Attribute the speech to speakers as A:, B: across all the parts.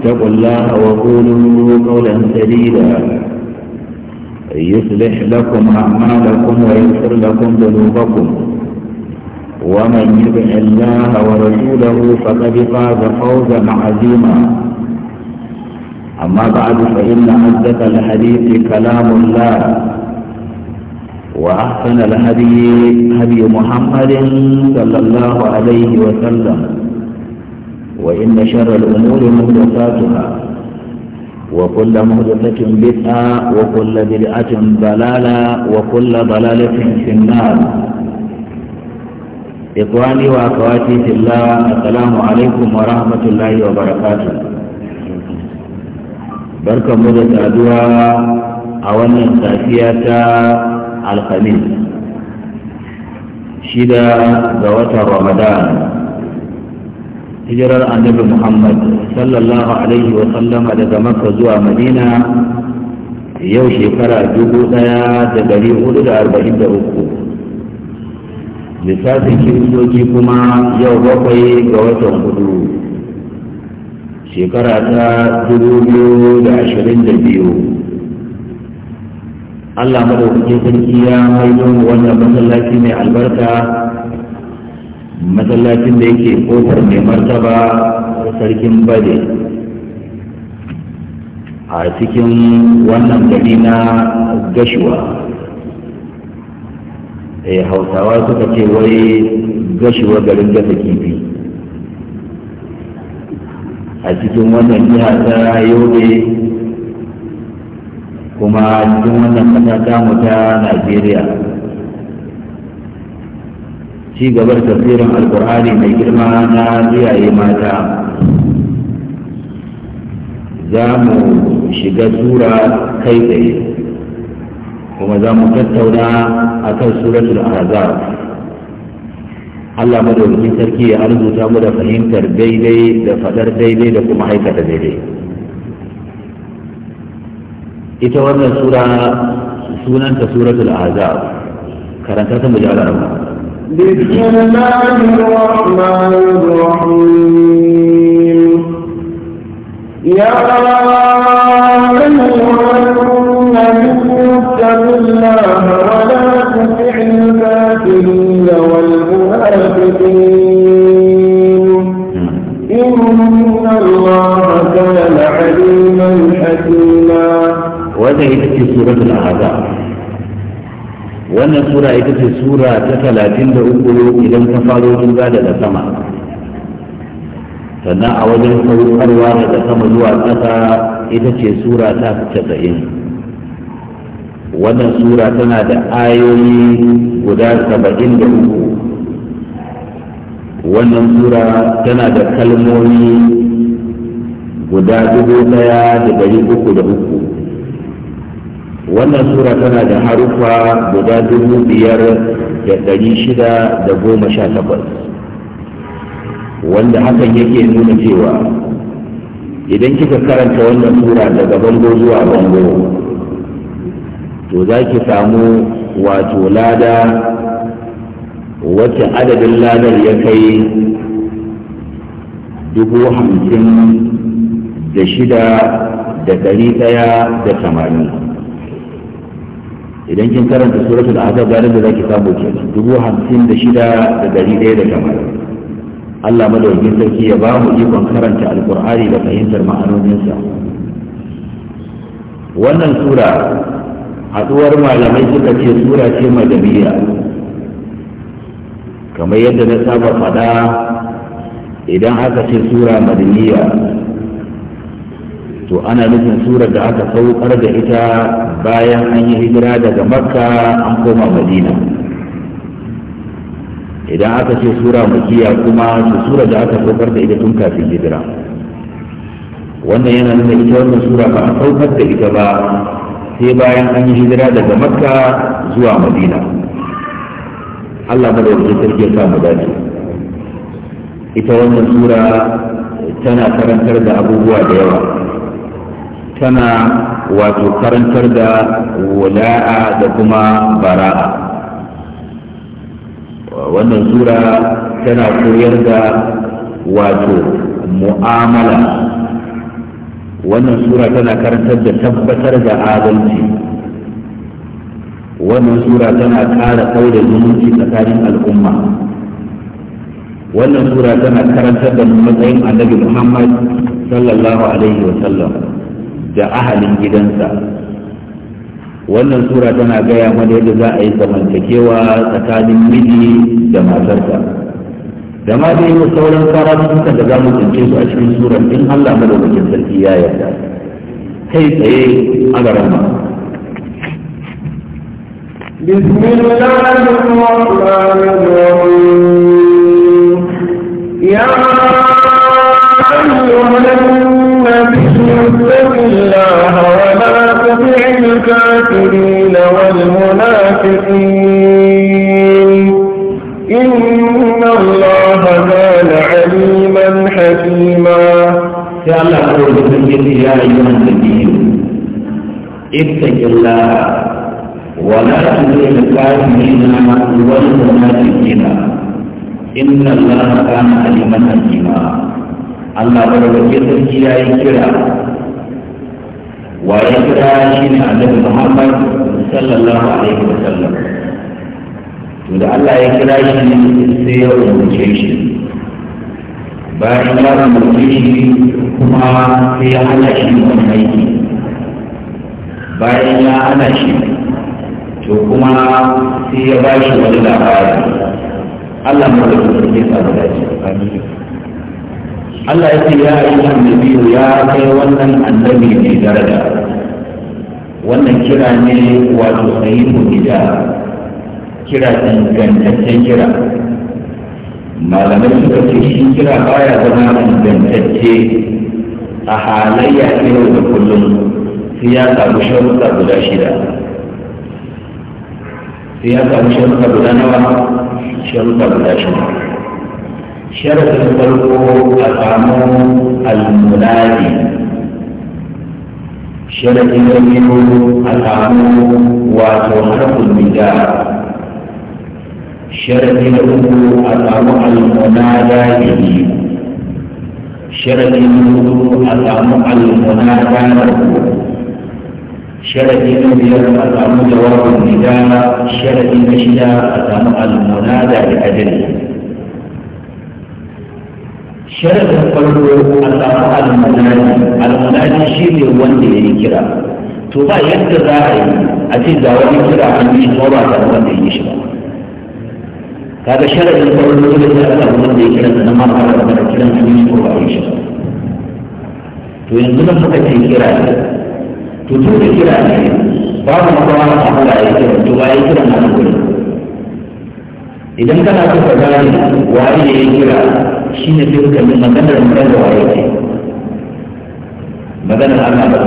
A: اتقوا الله وقولوا قولا سديدا يصلح لكم أعمالكم ويغفر لكم ذنوبكم ومن يطع الله ورسوله فقد فاز فوزا عظيما أما بعد فإن أصدق الحديث كلام الله وأحسن الهدي هدي محمد صلى الله عليه وسلم وإن شر الأمور مهدفاتها وكل مهدفة بدءه وكل بدعة ضلالة وكل ضلالة في النار إخواني وأخواتي في الله السلام عليكم ورحمة الله وبركاته بركة مدة أدوى أولا سافية الخميس شدة ذوات رمضان hijirar annabi muhammad sallallahu alaihi wa sallama daga maka zuwa madina yau shekara dubu ɗaya da dari hudu da arba'in da uku lissafin kiristoci kuma yau bakwai ga watan hudu shekara ta dubu biyu da ashirin da biyu Allah madaukakin sarki ya maido wannan masallaci mai albarka masallacin da yake kofar mai martaba sarkin bade a cikin wannan gari na gashuwa E, eh, hausawa suka ce wai gashuwa garin gasa kifi a cikin wannan jiha ta yobe kuma cikin wannan kasa mu ta najeriya ci gaba da tafsirin alkur'ani mai girma na iyaye mata za mu shiga sura kai tsaye kuma za mu tattauna a kan suratul azab Allah madaukakin sarki ya arzuta mu da fahimtar daidai da fadar daidai da kuma haikata daidai ita wannan sura sunanta suratul azab karanta ta mu ji
B: بسم الله الرحمن الرحيم يا أيها النبي اتق الله ولا تطع الكافرين والمنافقين إن الله كان عليما حكيما وهذه هي سورة الأعداء
A: wannan sura ita ce sura ta talatin da uku idan ta faro duba daga sama sannan a wajen saukarwa daga sama zuwa ƙasa ita ce sura ta casa'in wannan sura tana da ayoyi guda saba'in da uku wannan sura tana da kalmomi guda dubu ɗaya da dari uku da uku wannan sura tana da harufa guda dubu biyar da ɗari shida da goma sha takwas wanda hakan yake nuna cewa idan kika karanta wannan sura daga bango zuwa bango to za ki samu
C: wato lada wacce adadin ladar ya kai
A: dubu hamsin da shida da ɗari ɗaya da tamanin idan kin karanta suratul ahzab da da zaki samu ke dubu hamsin da shida da dari ɗaya da tamanin Allah madaukakin sarki ya ba mu ikon karanta alkur'ani da fahimtar ma'anoninsa wannan sura haɗuwar malamai suka ce sura ce mai madaniya kamar yadda na saba faɗa idan aka ce sura madaniya to ana nufin surar da aka saukar da ita bayan an yi hijira daga makka an koma madina idan aka ce sura makiya kuma su sura da aka saukar da ita tun kafin hijira wannan yana nuna ita wannan sura ba a saukar da ita ba sai bayan an yi hijira daga makka zuwa madina allah madawacin sarki ya mu dace ita wannan sura tana karantar da abubuwa da yawa tana wato karantar da wula'a da kuma bara'a wannan sura tana koyar da wato mu'amala wannan sura tana karantar da tabbatar da adalci wannan sura tana ƙara da zumunci tsakanin al'umma wannan sura tana karantar da matsayin annabi muhammad sallallahu alaihi wa sallam da ahalin gidansa wannan sura tana gaya mana yadda za a yi zamantakewa tsakanin miji da matarsa da ma dai mu sauran karatukan da za mu tsince su a cikin surar in Allah madaukakin sarki ya yarda kai tsaye a garin ma
B: بسم الله الرحمن الرحيم يا أيها حكيم إن الله كان عليما حكيما يا الله قول سيدي يا أيها
A: النبي اتق الله ولا تطع الكافرين والمنافقين إن الله كان عليما حكيما Allah barkake sarki ya yi kira wa ya kira shi ne annabi Muhammad sallallahu alaihi wa sallam to da Allah ya kira shi sai ya rubuce shi bayan ya rubuce shi kuma sai ya hana shi wani aiki bayan ya hana shi to kuma sai ya ba shi wani labari Allah ma da kuma ya samu shi Allah ya ce ya ayyuhan nabiyyu ya kai wannan annabi mai daraja wannan kira ne wato sahihun gida kira gantaccen kira malamai suka ce shi kira baya zama ingantacce a halayya yau da kullum sai ya samu sharuɗa guda shida sai ya samu sharuɗa guda nawa sharuɗa guda shida sharuɗin farko a samu almunadi شرك يجب أقامه وتوحف البداء شرك يجب أقامه المنادى به شرك يجب أقامه المنادى له شرك يجب أقامه شرك يجب أقامه المنادى لأجله sharadin farko a samu al almanaji shi ne wanda ya yi kira to ba yadda za a yi a ce ga wani kira an yi ko ba ta wanda ya yi shi ba kaga sharadin farko da ya yi kira wanda ya kira da ma ba ta da kira an yi ko ba ya yi shi ba to yanzu na muka ce kira ne to tun da kira ne ba mu a kula ya kira to ba ya kira na gurin idan kana so ka gane wani ya yi kira shi ne sai suka yi maganar da waye ce maganar Allah ba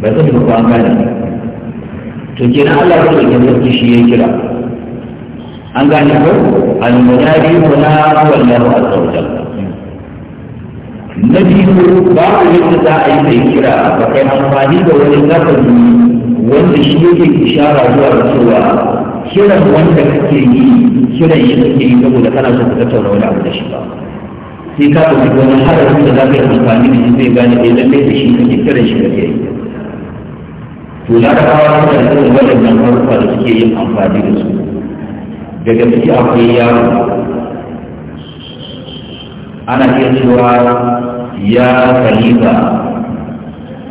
A: bai zai ba kuwa gani to kenan Allah ba da sarki shi ya kira an gane ko al-munadi kuna wallahu azza wa jalla na biyu babu yadda za a yi mai kira ba kai amfani da wani lafazi wanda shi yake isharar zuwa cewa kiran wanda kake yi kiran ya kake yi saboda kana so ka tattauna wani abu da shi ba sai ka ɗauki wani harafin da za ka yi amfani da shi zai gane eh lallai da shi kake kiran shi kake yi to da ka kawo da irin waɗannan haruffa da suke yin amfani da su daga ciki akwai yaro ana iya cewa ya khalifa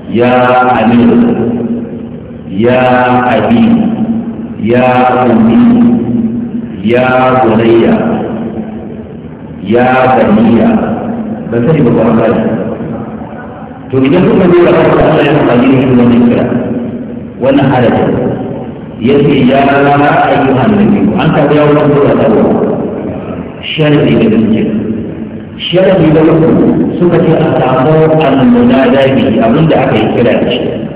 A: ya amir ya abi ya ummi ya bunayya ya baniya ban sani ba ko an to idan kuka zo da Allah ya amfani da shi kira wannan halatta yake ya rana ayyuhan nabi an ka ya wannan ko da dawo sharadi da dinki sharadi da uku suka ce a samu al-munada bi abinda aka yi kira da shi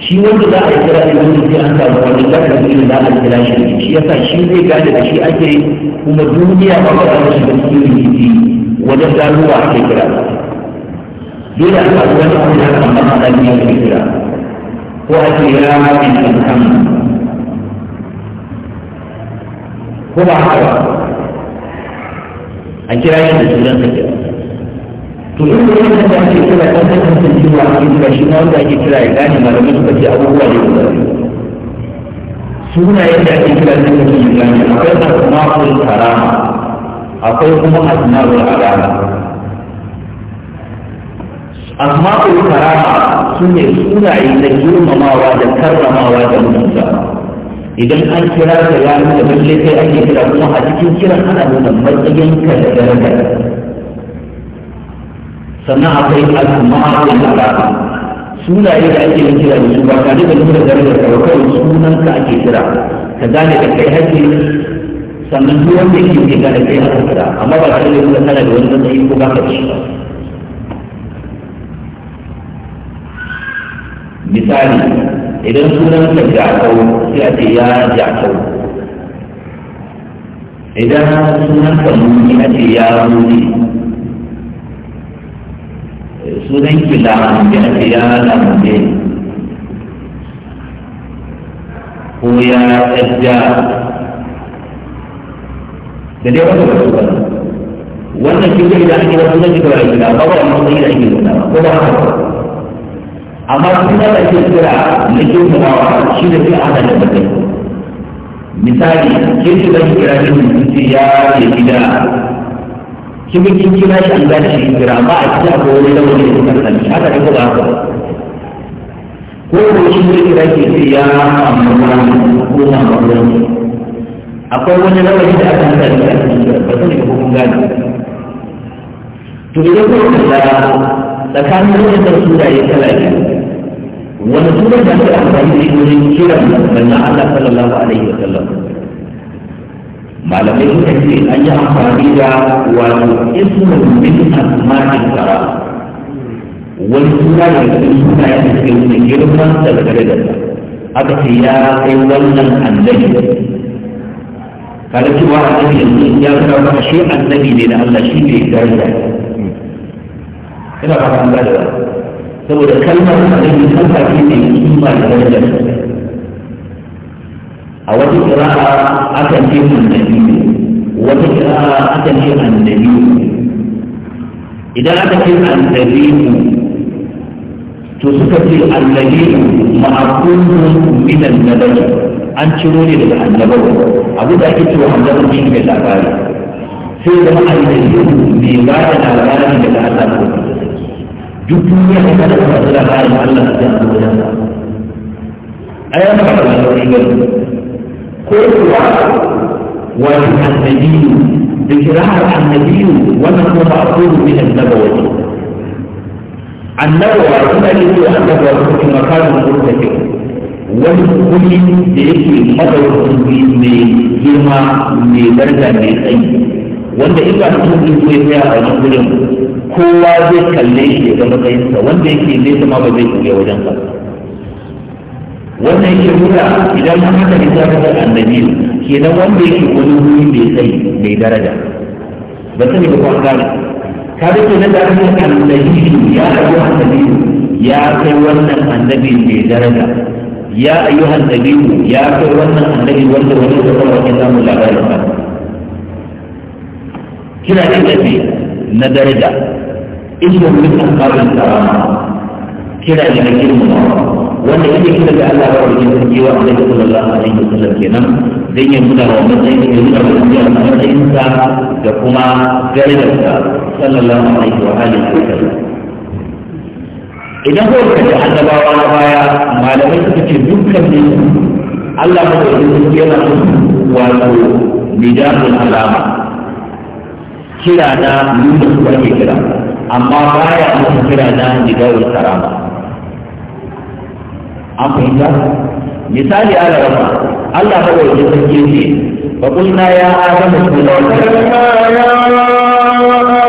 A: shi wanda za a yi kira da wanda sai an samu wani lakabi da za a yi kira shi shi yasa shi zai gane da shi ake kuma duniya ba ba za shi da cikin rikici wajen ganowa ake kira dole a samu wani abu da aka amma a ɗan ake kira ko ake kira ma ɗin ɗan ko ba haka a kira shi da sunan sa kira
C: to inda yana da ake kira ɗan ɗan ɗan cewa ake kira shi na wanda ake kira ya gane malamai suka ce abubuwa ne guda
A: suna yadda ake kira ɗan ɗan ɗan gane akwai asma'ul karama akwai kuma asma'ul alama asma'ul karama su ne sunaye da girmamawa da karramawa da mutunta idan an kira ka ya nuna lalle kai ake kira kuma a cikin kiran ana nuna matsayin ka da darajar sannan akwai al'umma da al'ada sunaye da ake yin kira da su ba tare da nuna darajar ka ba kawai sunan ka ake kira ka gane ka kai hakki sannan duk wanda yake ke gane kai aka kira amma ba tare da nuna kana da wani matsayi ko ba ka ci misali idan sunan ka jakau sai a ce ya jakau idan sunan ka muni a ce ya muni sunan ki lamunce a ce ya lamunce ko ya tsajja da dai wata wasu ba wannan shi zai da ake wasu zai kira shi da bawa wani zai da ake nuna ba ko ba haka amma suna da ke kira na ke kudawa shi da ke hada da bakai misali ke da zai kira shi ya ke gida shi bikin kira shi an gane shi kira amma a cikin akwai wani wani da suka sani haka da ko ba haka ko ko shi ne kira ke ce ya amma ko na mawani akwai wani wani da aka hada da aka yi ba sani ko kun gane to idan ko ka da tsakanin wani da su da ya kala ne
C: wani sunan da aka amfani da shi wurin kiran manzon Allah sallallahu alaihi
A: sallam? malamai suka ce an yi amfani da wani ismin min asma'in kara wani suna da cikin suna ya suke nuna girman da daga da aka ce ya kai wannan annabi kare cewa annabi yanzu ya zama maka shi annabi ne da Allah shi ne garga. ina ba ka da saboda kalmar annabi kalma ce ne kima da ta. a wata kira'a akan yi annabi wata kira'a akan annabi idan aka ce annabi to suka ce annabi ma'akunun minan nabaji an ciro ne daga annabawa abu da ake cewa annabawa shi ne labari sai da ma'aikata mai ba da labarin daga Allah duk duniya ta kada ta da labarin Allah ta da Allah ayyana ba da labarin قرآن والحمدي بكراهة الحمدي ونحن مأخوذ من النبوة النبوة كما يقول النبوة في مكان مرتفع والكل da yake madaukakin mai girma mai daraja mai tsayi wanda in ba mutum din ko ya a wani gurin kowa zai kalle shi ga matsayinsa wanda yake nesa ma ba zai shiga wajen sa wannan yake nuna idan an haka da da annabi kenan wanda yake wani wuri mai tsayi mai daraja ba sani ba ka gane ka da ke nan da aka yi annabi ya ayu annabi ya kai wannan annabi mai daraja ya ayu annabi ya kai wannan annabi wanda wani da kuma wani samun labarin ba kira ne nabi na daraja ibnu min ashabin karama kira ne na girmamawa wanda yake kira da Allah ya ba wajen sarki wa Annabi sallallahu alaihi wasallam kenan dan ya muna wa matsayin ya nuna wa matsayin matsayin sa da kuma gairar sa sallallahu alaihi wa alihi sallam idan ko kace annabawa na baya malamai suka ce dukkan ne Allah ya wajen sarki jiwa wato bida'ul alama kira na nuna su ake kira amma baya musu kira na bida'ul karama an fahimta misali ala rama Allah ba wai sai ke ce fa kulna ya adamu kulna ya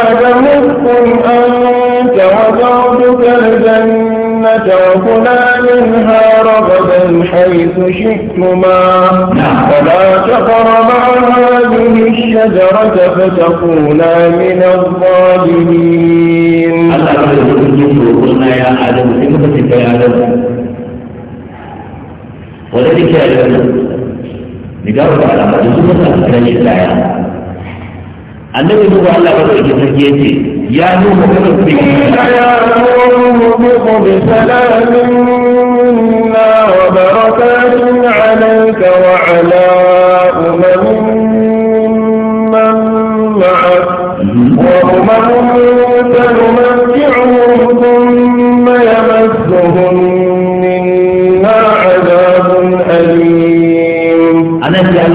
B: adamu kun anta wa zawjuka al-jannata wa kula minha رغدا حيث شئتما ولا تقربا هذه الشجرة فتكونا من الظالمين الله يقول يا آدم كيف
A: يا آدم wanda take kiyaye wannan ni ga wata alama da su masa kiran shi daya annabi duba Allah ba zai sarki yace ya nuna ya
B: nuna ku bi salamin minna wa barakatun wa ala mhm. wa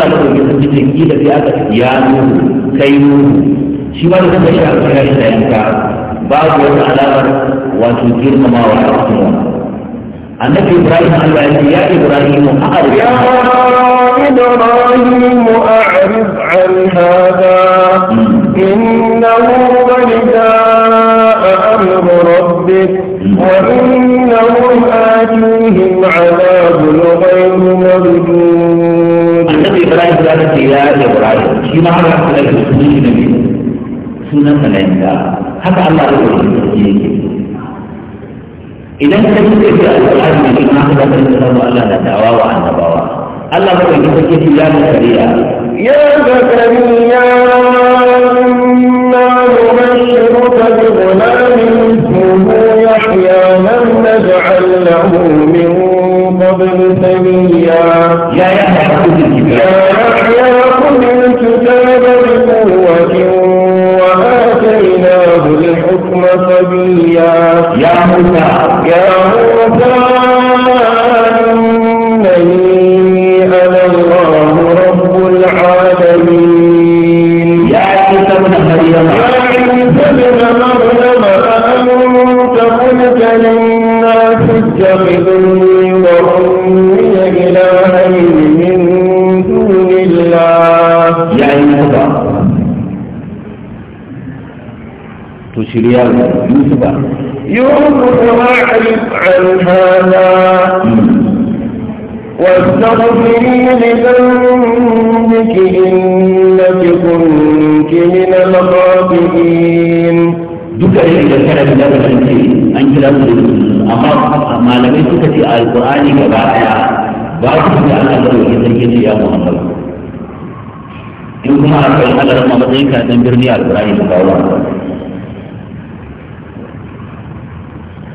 A: Allah ba domin sun cikin gida sai aka ya nuhu kai nuhu shi ba da suka shi aka kira shi da yanka babu wata alamar wato girmamawa a cikin wani annabi Ibrahim Allah ya ce ya Ibrahim a'arif ya Ibrahim
B: a'arif an hada innahu qad jaa amru rabbik wa innahum atihim 'adabun ghayru mardud ذلك يا إبراهيم شما هذا لك
A: سنين نبي سنة سنين هذا الله يقول إذا كنت في القرآن من ما هذا من الله لا دعوى وعن نبوى الله يقول لك يا زكريا يا زكريا
B: إنا نبشرك بغلام اسمه يحيى لم نجعل له أخذ الكتاب بقوة وآتيناه الحكم صبيا يا موسى يا موسى إنني أنا الله رب العالمين يا عيسى ابن مريم يا عيسى ابن مريم أأنت قلت للناس اتخذوا shiryar يوسف yusufa ma'arif عن هذا واستغفري لذنبك إنك كنت من الخاطئين duka da idan kana da da an
A: an kira su amma malamai suka ce alqur'ani gaba daya ba su da Allah da yake sarki ne ya Muhammad
C: in kuma akwai Allah matsayin ka dan
A: birni alqur'ani ba kawo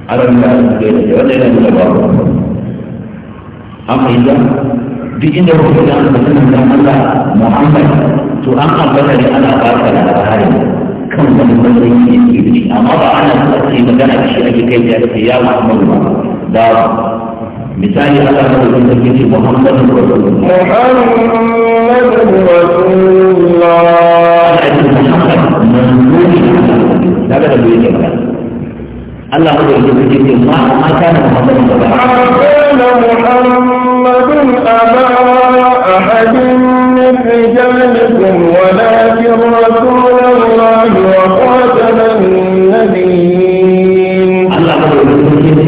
A: aron da su ke da wanda yana nuna ba an fahimta duk inda rufe da mutumin da Allah Muhammad to an ambata ne ana baka labari kan wani matsayi ne ke da amma ba ana so a ce magana da shi ake kai da ya Muhammadu ba da misali Allah ta zo da yake Muhammadu Rasulullah Rasulullah Muhammad manzo ne daga da yake magana Allah mu da yake ma ma kana Muhammadu sallallahu alaihi wasallam Muhammadun aba ahadin
B: min rijalikum walakin rasulullahi wa qatalan nabiyyin Allah da yake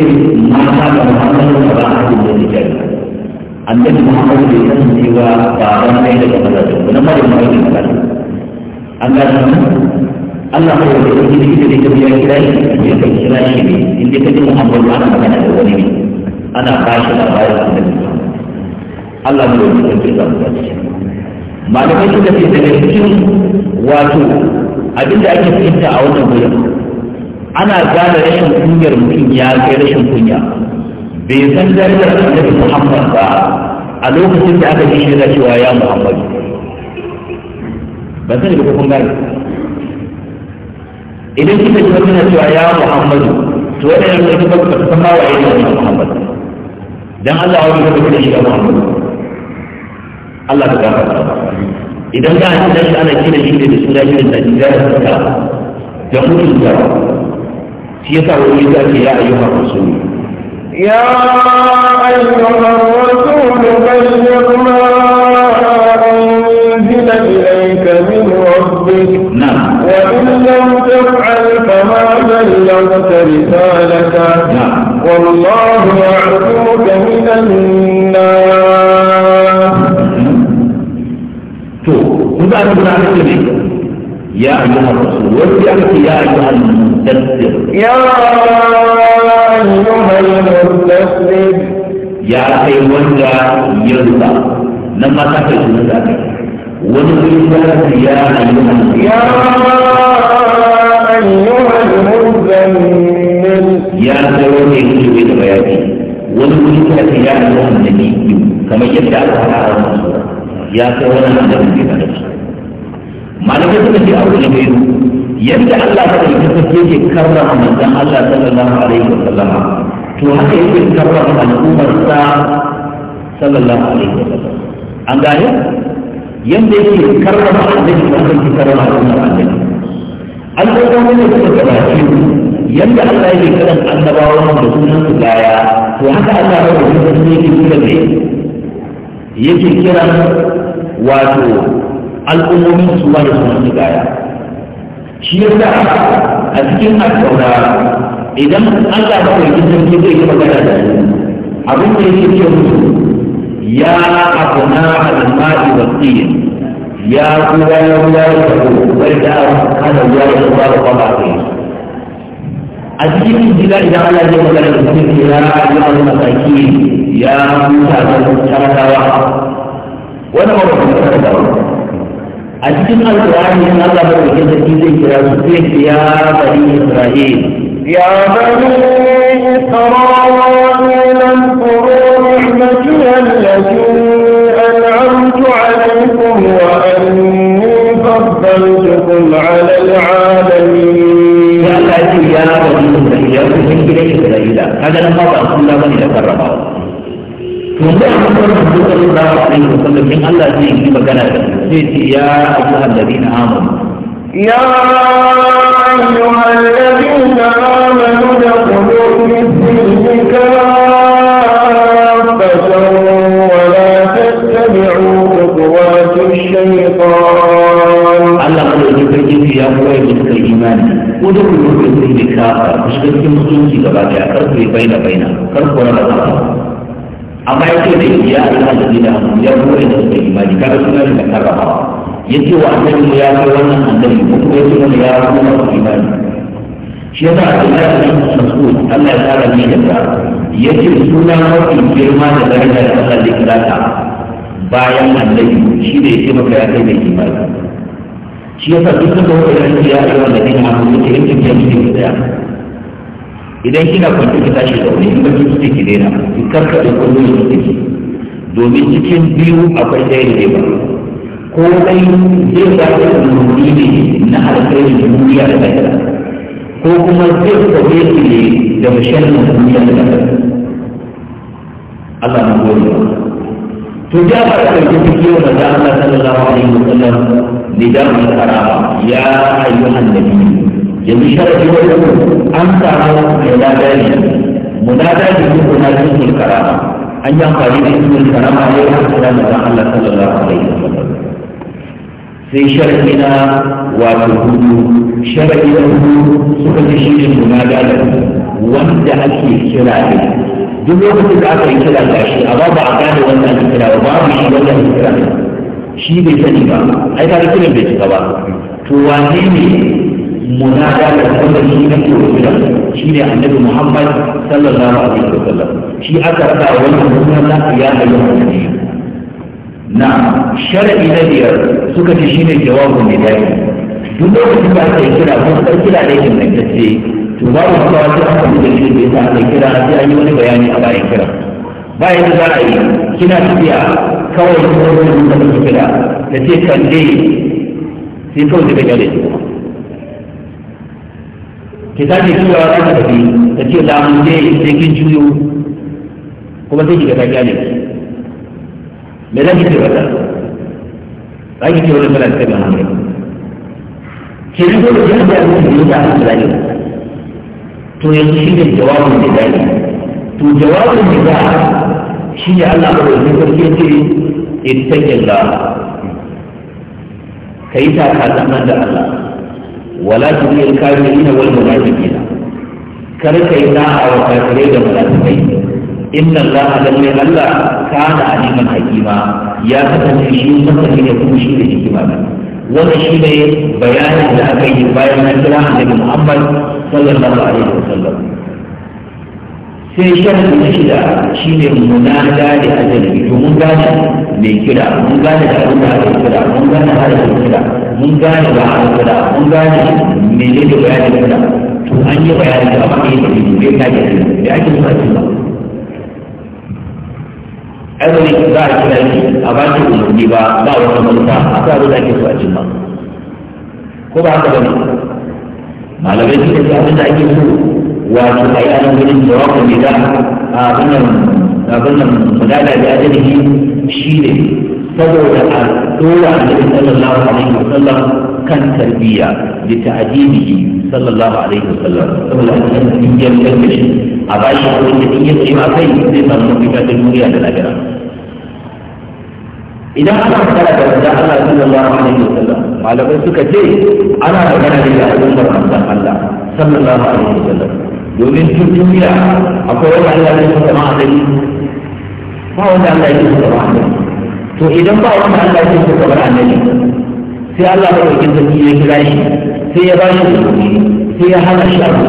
C: da
A: yake ma Allah mai da yake da yake da ya kira shi ya kai kira shi ne inda ka ji Muhammadu ana magana da wani ne ana bashi da bayan annabi Allah mai da yake da yake malamai suka ce daga cikin wato abinda ake fahimta a wannan wurin ana gane rashin kunyar mutum ya kai rashin kunya bai san darajar annabi Muhammad ba a lokacin da aka ji shi cewa ya Muhammad ba sani da kun gane idan kika ji wani na cewa ya muhammadu to wani waɗannan da kika ka san ma wa ya yi muhammadu dan Allah wani kika da shi ga muhammadu Allah ka gafarta idan ka a ci dan shi ana kira shi da suna shi da da ta da mutum da shi yasa wani ya ce ya ayyuka rasulu
B: ya ayyuka rasulu bayyana إليك من ربك نعم وإن لم تفعل فما بلغت رسالته نعم والله يعصمك من الناس شوف خذ أنا بن يا أيها الرسول وفي يا أيها المدثر يا أيها المدثر
A: يا أيها يا أيها يرضى لما تفعل
B: ذلك ونقول يا أيها يا أيها المزمل يا سيدي يجب إلى بياتي
A: ونقول يا أيها النبي كما يدعى الله ya kai wani annabi bai da shi malamai suka ce abu da bai yadda Allah ta yi tafi yake karrama manzon Allah sallallahu alaihi wa sallama to haka yake karrama al'ummar sa sallallahu alaihi wa sallam an gane yadda yake karrama annabi wannan ki karrama annabi an ko ko ne da gabaci yanda Allah yake karan annabawan da sunan su gaya to haka Allah ya rubuta su yake kira ne yake kira wato al'ummomin su ba da sunan su gaya shi yasa a cikin addu'a idan Allah ba ya yi zai yi magana da su abin da yake ce musu ya abna al-ma'i wasiyin ya kuma ya ruwa ya tafi bai da kana ya tafi da kwaba kai a cikin jira idan Allah ya magana da cikin jira ya Allah saki ya mutanen tarakawa wani mawuyin tarakawa a cikin alkurani in Allah
B: ya ya أنعمت عليكم وأني فضلتكم على العالمين يا الله يا رب يا رب إليك دليلا هذا لما قال كل من يتقرب
A: wanda ya kuma rubuta da sallallahu alaihi wasallam in Allah zai yi magana da zai ce ya ayyuhal ladina amanu
B: ya ayyuhal ladina amanu da qulubihim
A: imani ko da ku yi kafa ku shiga mutunci gaba daya kar ku baina baina kar ku ba amma ya ce da ya ala da dina ya gore da su imani kada na da karfa ya ce wa annabi ya ce wannan annabi ko kuma ya ce wannan ya na ku imani shi yasa a cikin su su Allah ya tsara ni da ta ce suna mafi girma da daraja da Allah ya kira ta bayan annabi shi ne ya ce maka ya kai da imani shi ya yasa duk da wanda ya ce ya yi wanda ne a mun ce yake ya ce da idan kina kwanci ki tashi da wani in baki kike ki daina ki karkade kullun ki kike domin cikin biyu akwai ɗaya da ba ko dai zai ba da umuri ne na alƙairin duniya da lafiya ko kuma zai kwaye ki ne da mashanin duniya da lafiya Allah na gode to da ba ka kike kiyo da Allah sallallahu alaihi wasallam لدرء القرابة يا أيها النبي جميع شرط أنت مناداتي مناداتي من مناداتي الكرامة أن ينقل اسم الكرامة عليها كلام الله صلى الله عليه وسلم في شرطنا وتهود شرط الهود سكة شيء المنادات وانت أكيد شرعي duk lokacin da aka yi kira da shi a babu a gane wannan kira ba babu shi wannan kira shi bai sani ba ai ka kira bai cika ba to wane ne munada da kuma shi ne ke shi ne annabi Muhammad sallallahu alaihi wasallam shi aka sa wannan da ya ayyuka ne na shar'i na biyar suka ce shine jawabun da yayi duk lokacin da aka kira ko sai kira da yake mai tace to ba mu kawo shi aka da shi da yasa aka kira sai an yi wani bayani a bayan kira bayan da za a yi kina tafiya kawai wajen da suka kira da ce kan sai kawai daga gare su ta tashi kiwa ta tafi da ce da mun je da kin juyo kuma sai kiga ta gane me za ki ce wata za ki ce wani ta cikin hankali ke riko da jan da yanzu yi da hankali to yanzu shi ne jawabin da gane to jawabin da shi ne Allah ba da zai ittaqilla kai ta ka nan da Allah wala tudil kafirin wal munafiqina kar ka kai da wa kafirai da munafiqai inna Allah lalle Allah ka na aliman hakima ya kasance shi masani ne kuma shi ne hikima wannan shi ne bayanin da aka yi bayan na kira annabi Muhammad sallallahu alaihi wasallam sai sharadi na shida shi shine munada da ajali to mun gane mai kira mun gane da abin da aka kira mun gane har da kira mun gane ba a kira mun gane mai ne da bayanin kira to an yi bayanin da ba ne da ne da ka kira da ake nuna kira azali za a kira shi a ba shi umarni ba ba wata manufa a sa abin da ake so a ba. ko ba haka ba ne malamai suka ce abin da ake so wato ai anan da jawabin da za a wannan abin nan mudada da yi shi ne saboda a dora annabi sallallahu alaihi wasallam kan tarbiyya da ta'adibi sallallahu alaihi wasallam saboda an san yadda yake a bashi abin da in yake ma kai zai samu mafita ta duniya da lahira idan ana magana da wanda Allah sallallahu alaihi wasallam malamai suka ce ana magana da al'ummar manzon Allah sallallahu alaihi wasallam domin duk duniya akwai wanda Allah ya kusa ma annabi ba wanda Allah ya kusa ma annabi to idan ba wanda Allah ya kusa ma annabi sai Allah ya kusa zaki ya kira shi sai ya bashi kuɗi sai ya hana shi abu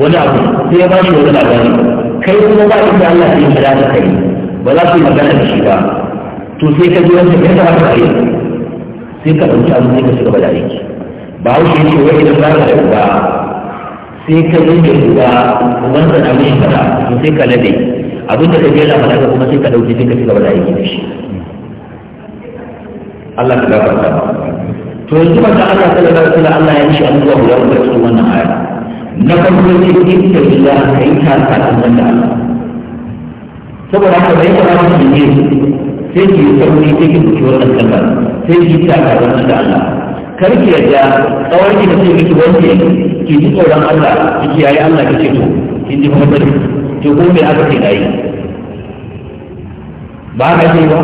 A: wani abu sai ya bashi wani labari kai kuma ba inda Allah ya kira ka kai ba za su yi magana da shi ba to sai ka ji wanda kai ta haka sai ka ɗauki abu ne ka shiga ba da aiki ba wuce ce wai idan za ka sai ka zo da ruwa uban sa na mishi fada to sai ka lade abin da ka je la malaka kuma sai ka dauke sai ka ci gaba da aiki da shi Allah ka gafarta to yanzu ba ta Allah sallallahu da wasallam Allah ya mishi Allah ya rubuta cikin wannan aya na farko ne in ka yi billah kai ta ta san da Allah saboda haka bai ka ba shi ne sai ki yi sauri sai ki fito wannan sallah sai ki ta ka wannan da Allah karki ya ja tsawon ki da ce miki wanke ki ji tsoron Allah ki kiyaye Allah ki ce to kin ji kuma bari to ko me aka ce dai ba ka ce ba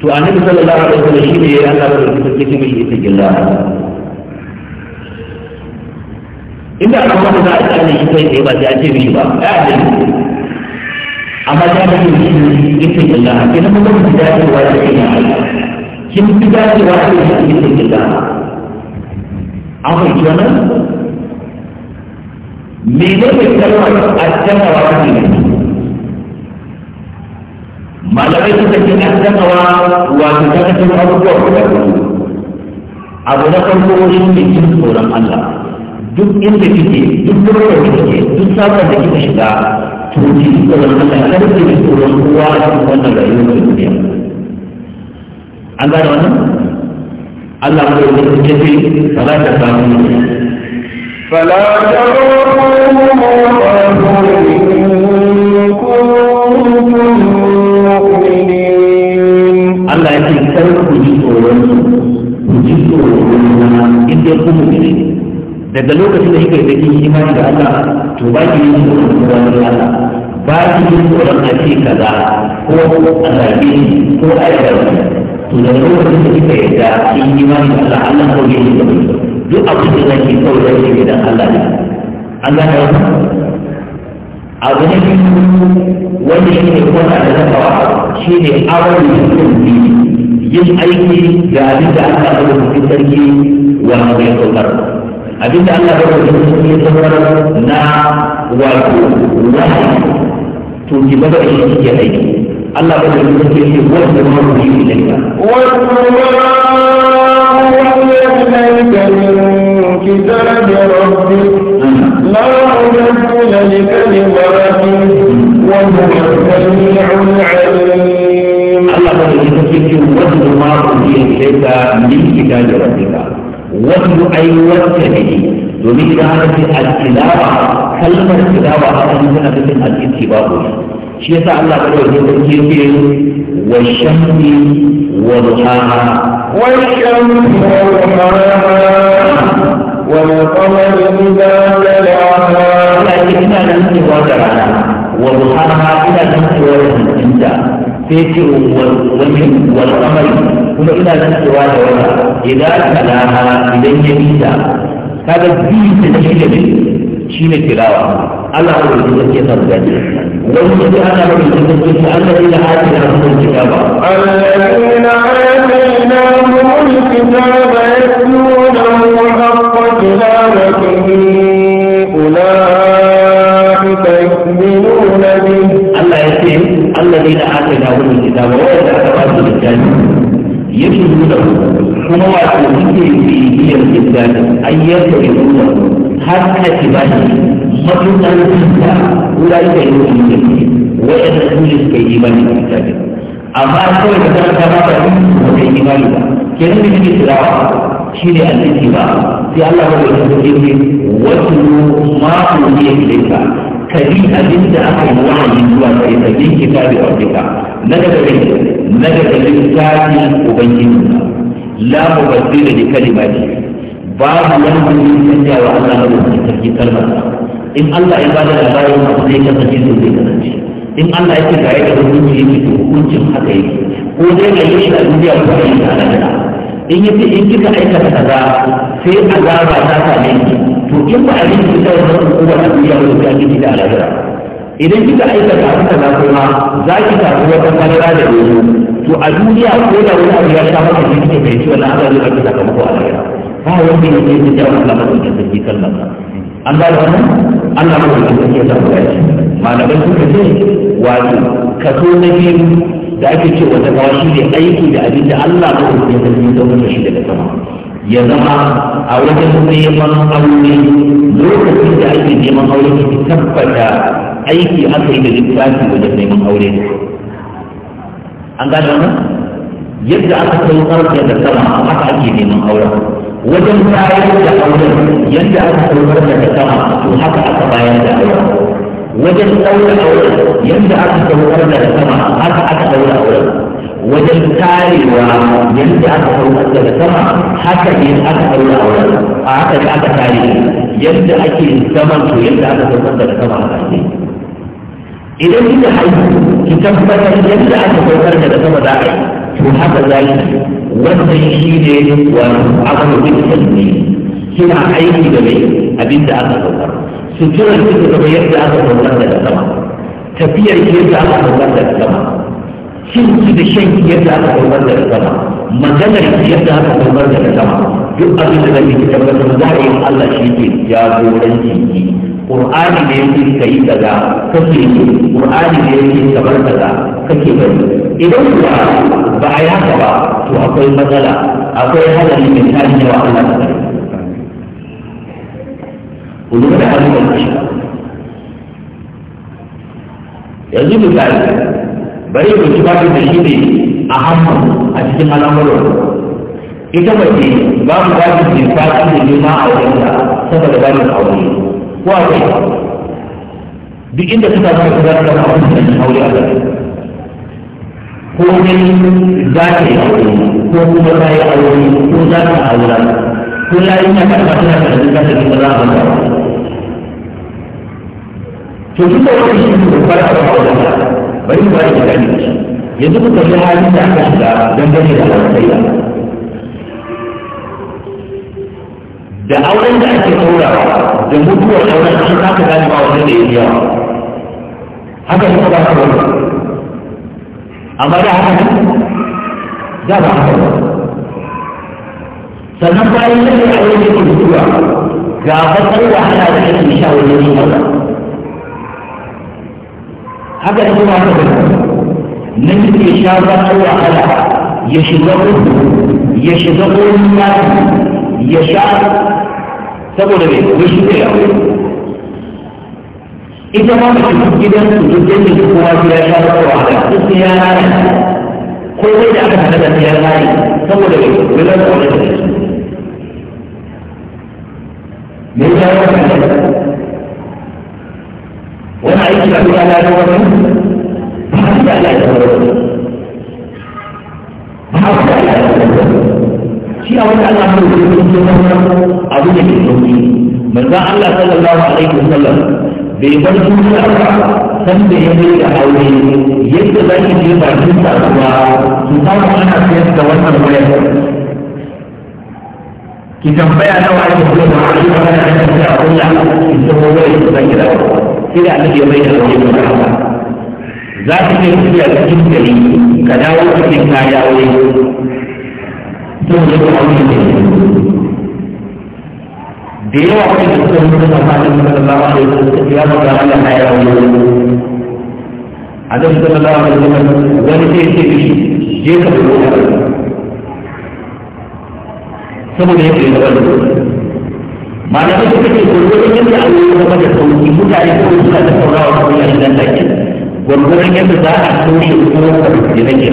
A: to annabi sallallahu alaihi wasallam shi ne Allah bari ki ce miki gilla inda an mata da aka ne shi kai dai ba ya ce miki ba ya ce amma ta da shi istighfar ke nan ba ku da dacewa da kai ne Allah kin fi dacewa da shi ne cikin dama an fahimci wannan mene ne kalmar addanawa ta ne malamai suka ce addanawa wato ta kasance abubuwa guda abu na farko shi ne cin tsoron Allah duk inda kike duk gurin da kike duk sabon da kike shiga to tsoron Allah ki tsoron kowa a cikin wannan rayuwar an gane wannan Allah ko ya ce kace ba za ta samu fala
B: Allah daga lokacin
A: da kike da kin imani da Allah to ba ki yi tsoron Allah ba ki yi tsoron a ce kaza ko a zaɓe ko a yi to da lokacin da kika yarda in yi mani Allah Allah ko yin da duk abin da zaki kawai da shi da Allah ne Allah ya abu ne
C: wanda shi ne kuma da zakawa shi ne awon mutum
A: yin aiki da abin da Allah ya rubuta sarki wanda ya saukar abin da Allah ya rubuta ya saukar na wato wani. to ki bada shi ke aiki الله بدل من ذكره والسماء به
B: والسماء إليك من كتاب ربك لا مبدل لكلماته وهو السميع العليم الله بدل من ذكره والسماء
A: إليك من كتاب ربك واتل أي واتل domin da haka ce al-tilawa kalmar tilawa a shi yasa Allah ba zai zai yake wa shamsi wa
B: duhaha wa shamsi wa duhaha wa qamar idza talaha la yakna lahu wa dara wa duhaha ila shamsi wa
A: duhaha sai ce wani wal qamari kuma ina nan cewa da wata idan talaha idan ya bisa kaga biyu da shi ne shi ne tilawa Allah ya rubuta ke sarrafa ليس أنا بالكتاب الذين آتيناهم الكتاب الذين
B: آتيناهم الكتاب يتلونه حق تلاوته أولئك يؤمنون به الله يسير الذين آتيناهم الكتاب ويتلونه حق
A: yake nuna kuma wato suke bibiyar gidan ayyar da ke nuna har kana ki ba shi matuƙar da wula ita yi wani da ke wa'yanda su ne suka yi imani da gidan amma kawai da zama ta ba da su ba yi imani ba ke nan da suke tirawa shi ne alƙiƙi ba sai Allah ba da ke wasu ma'u ne ya fi ka bi abin da aka yi wahayi zuwa ka yi ta biyar a wajika na daga rai na daga littafin ubangiji la mu basu da kalima ce babu wani wani canja wa Allah na rubuta sarki kalmar in Allah ya bada labarin abu zai kasance to zai kasance in Allah ya ce ga yadda hukunci yake to hukuncin haka yake ko dai ga yi a duniya ko ga yi ta lahira in yace in kika aikata kaza sai azaba ta same ki to in ba a yi ta wannan hukuma ta duniya ko ta kike da lahira idan kika aikata abu kaza kuma za ki tafi wata kwanara da yanzu to a duniya ko da wani abu ya sha maka jiki ke bai ci wannan azari a ki sakamako a lahira ba wanda ya ce ta jawo Allah madaukakin sarki sallan an ba da wannan Allah madaukakin sarki ya samu dace malamai suka ce wato kaso na biyu da ake ce wata kawo shi ne aiki da abin da Allah madaukakin sarki ya saukar da shi daga sama ya zama a wajen neman aure lokacin da ake neman aure ki tabbata aiki aka yi da littafi wajen neman aure an gane wannan yadda aka kai da da sama haka ake neman aure wajen bayar da aure yadda aka kai da da sama to haka aka bayar da aure wajen ɗaura auren yadda aka kai da da sama haka aka ɗaura aure wajen tarewa yadda aka kai da da sama haka ne aka ɗaura aure a haka ne aka tare yadda ake zaman to yadda aka kai da da sama haka ne idan kika haihu ki tabbatar yadda aka saukar da sama za a yi to haka za ki wannan shi ne wato abin da kika ne kina aiki da mai abin da aka saukar suturar kika zama yadda aka saukar da ta sama tafiyar yadda aka saukar da ta sama cin ki da shan ki yadda aka saukar da ta sama maganar yadda aka saukar da ta sama duk abin da zai ki tabbatar za a yi Allah shi ke ya zo ranki qur'ani ne yake kai kaza kake yi qur'ani ne yake kamar kaza kake bari idan ba ba a yaka ba to akwai matsala akwai hadari mai tashi yawa Allah ta
B: kare ku da halin da shi
A: yanzu misali bari ku ci babu da shi ne a hannun a cikin al'amuran ita mace babu babu jinsa da nema a wajen ta saboda mu aure ko a duk inda suka zama su zaka zama wani sanin aure a kai ko dai za ta yi aure ko kuma za yi aure ko za ta aura ko yi ka ta tana da duka da duka za a mata to duk da wani shi ne ba ta ba da bari ba ya gani yanzu ku kalli halin da aka shiga dangane da lafiya
C: da auren da ake ɗaurawa da mutuwar auren shi za ka gane ba wanda da ya yi yawa
A: haka ne ba ka wani amma da haka ne da ba haka ba sannan bayan da ya auren da ke mutuwa ga batsar wahala da ake sha wajen yin auren haka ne ba haka ba namiji ya sha batsar wahala ya shiga uku ya shiga wurin yaki ya sha saboda ne wai shi ne aure ita ma da cikin gidan su duk yadda su kowa su ya sha da kowa da duk ya rana ko sai da aka hada da ya rana saboda ne wai za su wani da shi me ya yi wani aiki da kuma ya rana wani ba su da ala ya rana wani ba su da ala shi a wanda Allah mai da kuma wannan abu da ke sauki manzon Allah sallallahu alaihi wa sallam bai bar duniya ba san da ya mai da aure yadda za ki je bakin kasuwa su samu ana sayar da wannan wayar ki tambaya nawa ake kuma ba a yi magana da kanta a kulla ki san wayar da zaki da sai da Allah ya mai da aure da Allah za ka je tafiya cikin gari ka dawo cikin kaya wai sun yi da aure da da yawa wani da suka mutu da fadin da alaihi wasallam ya ga Allah ya yawo annabi da alaihi wasallam wani sai ya ce mishi je ka fito saboda ya da wani da suka ce gwargwaron yadda Allah ya zama da sauki mutane ko suna da saurawa ko da idan da ke gwargwaron yadda za a toshe ko ka da ke gwargwaron yadda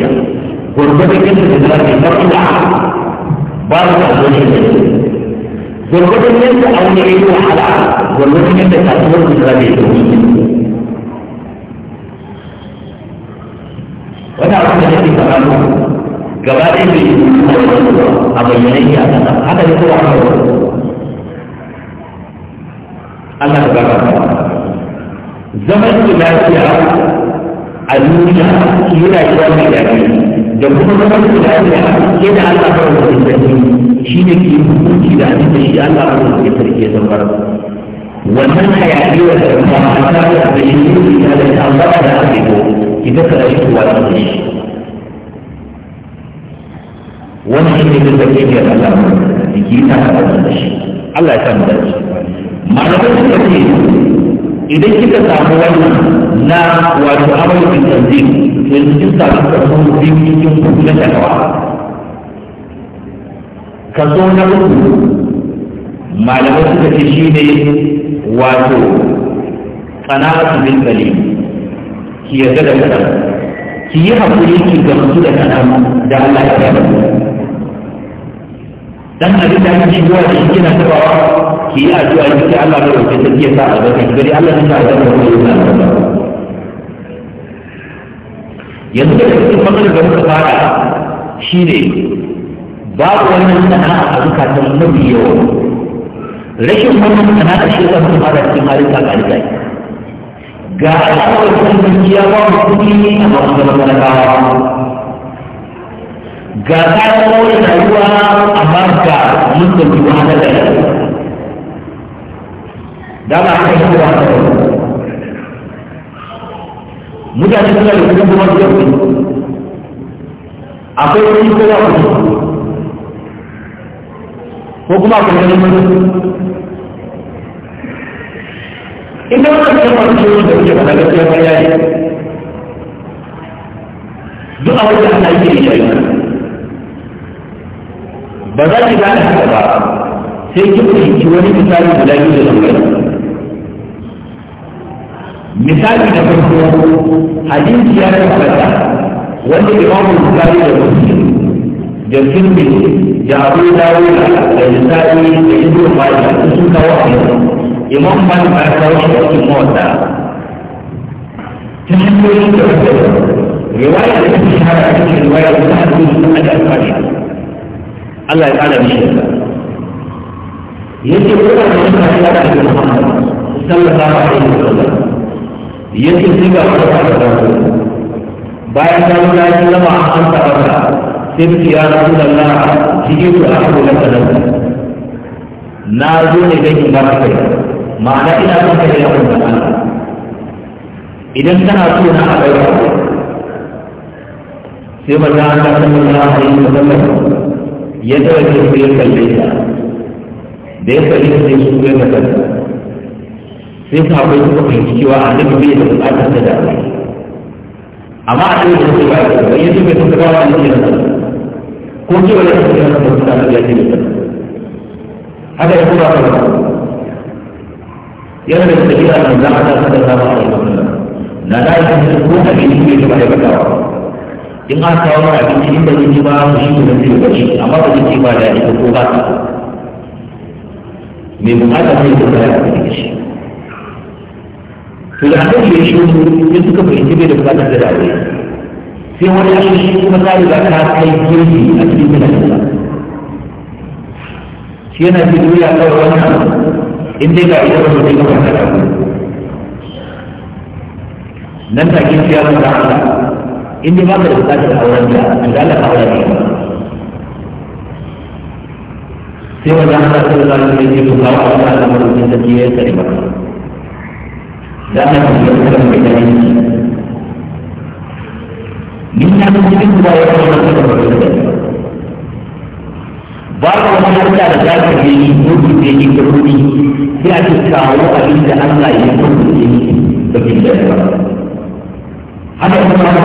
A: da za a yi da babu kasuwanci gwargwadon yadda aure ya yi
C: wahala gwargwadon yadda kasuwanci da zai yi
A: wata abu da yake kamar gaba ɗaya bai yi a bayyana ya kasa haka ne kowa a Allah ka gaba
C: zaman lafiya a duniya yana shiga mai daɗi da kuma zama su da Allah
A: yana Allah ba wani sarki shi ne ke hukunci da abin da shi Allah ba wani sarki ya zambar wannan hayaƙi wa sarki a ta da da shi ne da ta ba da ake ko idan ka rashi wa da shi wannan shi ne da sarki ya Allah ba wani sarki ta ka da shi Allah ya samu dace malamai suka ce idan kika samu wannan na wato amalin tanzim to yanzu kin samu kaso biyu cikin kuɗi na takawa kaso na uku malamai suka ce shi ne wato tsana'atu bin kali ki yarda da kadan ki yi hakuri ki gamsu da kadan da Allah ya yarda dan abin da ake zuwa da shi yana tabawa ki yi addu'a ki ce Allah bai wuce sarki ya sa albarka ki gari Allah ya sa albarka ko ya sa albarka yanzu da cikin matsalar da muka fara shi ne babu wannan sana'a a zukatan mafi yawa rashin wannan sana'a shi ya muka fara cikin halin kakarika ga al'amuran sun ya ba mu kuɗi a masu zama talakawa gagawo da ruwa a marka mutum ruwa da ɗaya da ba ka yi ruwa da ɗaya mutane suna da kuɗin ruwan da ɗaya akwai wani ko ya kuɗi ko kuma akwai wani mutum ina wani kan kama kuɗi wanda kuke fada gaskiya bayani duk a wajen ana yi da ita yi ba za ki gane haka ba sai ki fahimci wani misali guda biyu da zan misali na farko hadisi ya tabbata wanda imamu bukari da muslim da kirmi da abu dawuda da nisa'i da ibnu majah sun kawo a yau imam malik ya kawo shi a cikin mawata تحمل التوكل رواية الشهر ta رواية الأحد من أحد Allah ya kada mishi da yake kuma da mutane da ake Muhammad sallallahu alaihi wasallam yake sai ga wata da bayan ta nuna shi lama an tabbata sai mutu ya rasu da Allah cikin su a kuma laka da na zo ne da in gaba kai ma'ana ina son kai ya kuma idan kana so na a kai sai ba ta a manzo Allah sallallahu da wasallam ya da wani su ya kalle ta da ya kalle ta sai su ya kasanta sai ta haɓar suka fahimci cewa a duk bai da buƙatar ta da amma a ɗaya da su ba ya kasanta ya bai kuka ba wani jiran ko ya kasanta ya ta da ya ce bai haka ya kura kawai yana da tafiya da za a ta da zama a wani na da ya ta ko da bai ne ba ya ta in an kawo mara abinci in ba zai ci ba mu shi ne zai bari amma ba zai ci ba da ita ko ba ta me bukata ne ko ba ya da shi to da haka shi shi ne suka fahimci bai da bukatar da dawo sai wani shi shi kuma ka riga ta kai girki a cikin da ba shi yana ji duniya kawai wannan in dai ga ita ba zai da wannan nan da ke ya zama da Allah Ini mana bukan orang dia, segala orang dia. Siapa yang tak sedar diri itu kau akan menjadi sedih dari mana? Jangan berfikir begini. Minta mungkin kau akan orang sedih. Baru orang yang tak ada jadi ini menjadi kerugian. Siapa kau akan jadi anak yang begini begini haka kuma ba da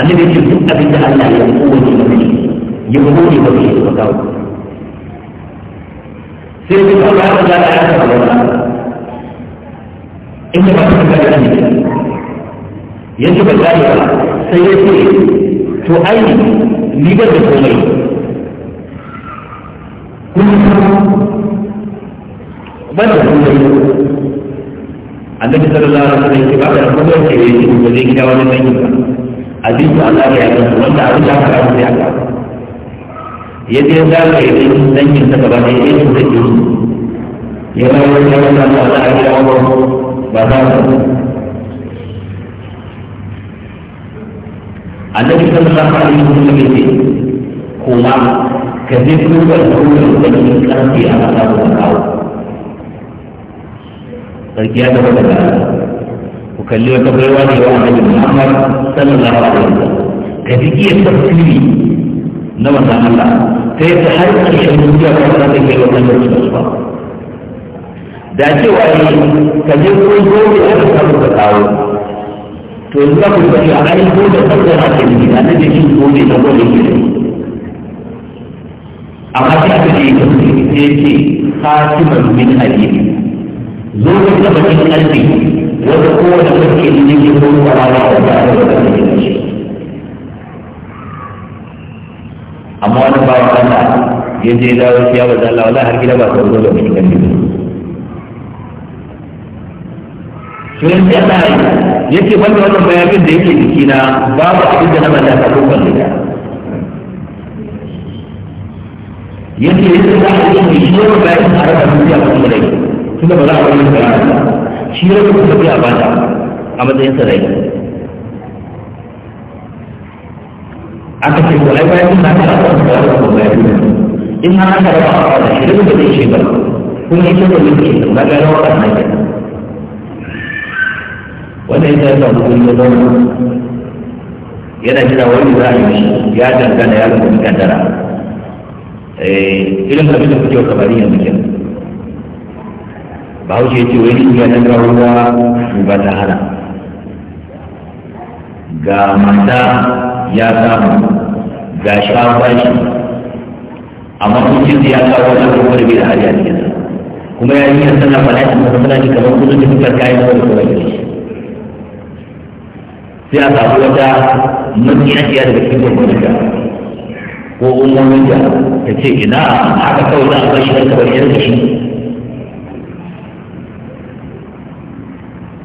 A: annabi ce duk abin da Allah ya mafi ya mafi ya kawo sai ya ya ya inda ba ya ba ba sai ya ce to ai da komai kuma ba da komai annabi sallallahu alaihi wasallam yake ba da kuma yi da zai wani ba abin da Allah ya yi wanda abin da aka ya yi yi ta gaba yi da ya ba wani ya da Allah ya yi ba za ka annabi sallallahu alaihi wasallam yake kuma ka da karfi a masa da sarki ya gaba daga ku kalli wata baiwa ne wa annabi Muhammad sallallahu alaihi wasallam ka ji iya tafsiri na wannan Allah ta yadda har ƙarshen duniya ba za ta kai wannan lokaci ba da cewa ne eh, ka je ko zo ne aka samu ka kawo to yanzu za ku sani a ainihin ko da tsarkar ake da gida na da shi ko ne na gole ke amma sai aka je ya ce fatiman min hadiri zo da bakin ƙarfi wanda kowane sarki da yake ko kwara da wanda aka da ƙarfi da shi amma wani bawa Allah ya je da wasu ya baza Allah wala har gida ba ta da bakin ƙarfi sun sai Allah yake banda wannan bayanin da yake jikina babu abin da na bada ka ko ban da yake yadda za a yi mai shi yawan bayan a rasa duniya kuma da yake tunda ba za a wani karatu shi ne rubuta tafiya a bata a matsayin sarai aka ce ko ai bayan na ta rafa da wani ko bayan in har aka rafa a wani shi rubuta zai shi ba kuma ita da ba ga rawa a nan ya yana jira wani za a yi ya dangana ya eh, abin da kuke kamar ba wuce ce wai ni ya nan ruwa ba ta hana ga mata ya samu ga shafashi amma kun ci ya kawo wani kuma da bai da hali a cikinsa kuma ya yi yin sana falashi masu falashi kamar kudin da fitar kayan wani kuma da shi sai a samu wata matsiyaciya daga cikin gwamnati ko umarnin da ta ce ina haka kawai za a da ɗan kamar yadda shi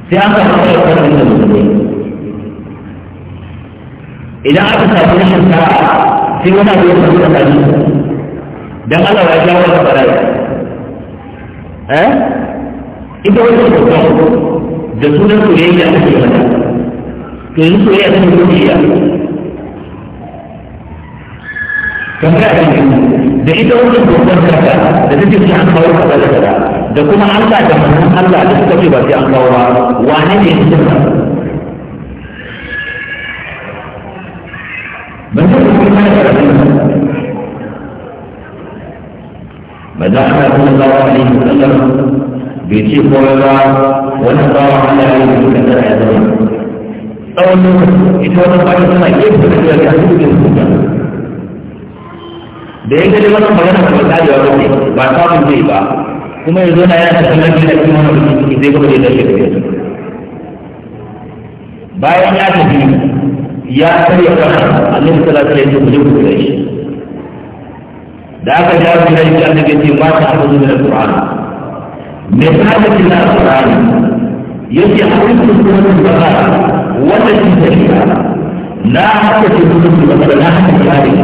A: sai an samu da idan aka samu rashin sa'a sai wani abu ya dan Allah ya jawo da eh ita wani da sunan soyayya mata to yanzu soyayya ta ne soyayya kamar da ita wani da ta kawo kaza da da kuma Allah da manzon Allah da suka ce ba sai an kawo ba wane ne ya ce ban san ko kuma da
C: karatu maza ana kuma zawa ne musallar bai ce kowa ba wani a zawa ya yi da suka ya zama
A: tsawon lokaci ita wannan bakin suna iya fita da kasu da su da Da ya gani wannan magana ba ta ba wani ba samun zai ba kuma ya zo na yana kallon shi da cikin wani mutum zai gobe da ya da shi bayan ya tafi ya karya kan annabi sallallahu alaihi da ya kula da shi da aka ja shi da shi annabi ya ce ma ta abu da qur'ani me ta da ya qur'ani da hadisi da bakara wanda shi da shi na haka ce sunan da na haka da shi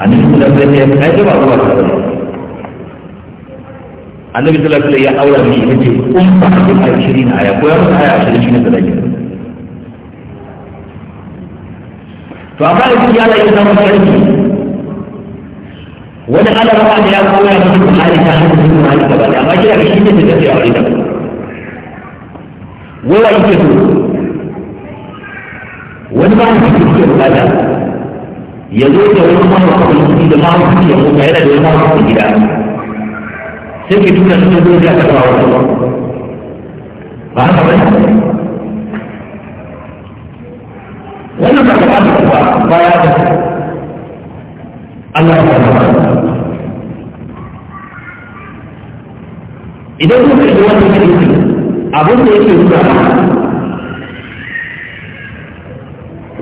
A: annabi sallallahu alaihi wasallam ya ba ruwa ta annabi sallallahu alaihi ya aura ne yace kun ba ku ashirin aya ko ya mutu aya ashirin da sadaki to amma da ya la yin zama sarki wani ana rama da ya koya masa a ta hannun su Buhari gaba da amma kira shi ne da take a da wala yake to wani ba shi ke bukata ya zo da wani mahaifin da mahaifin ya mutu yana da wani
C: sai ke tura su sojoji a kasuwa wani ba haka ba
B: wannan ba gaba da kuwa da
A: Allah ya idan yi wannan abin da yake nuna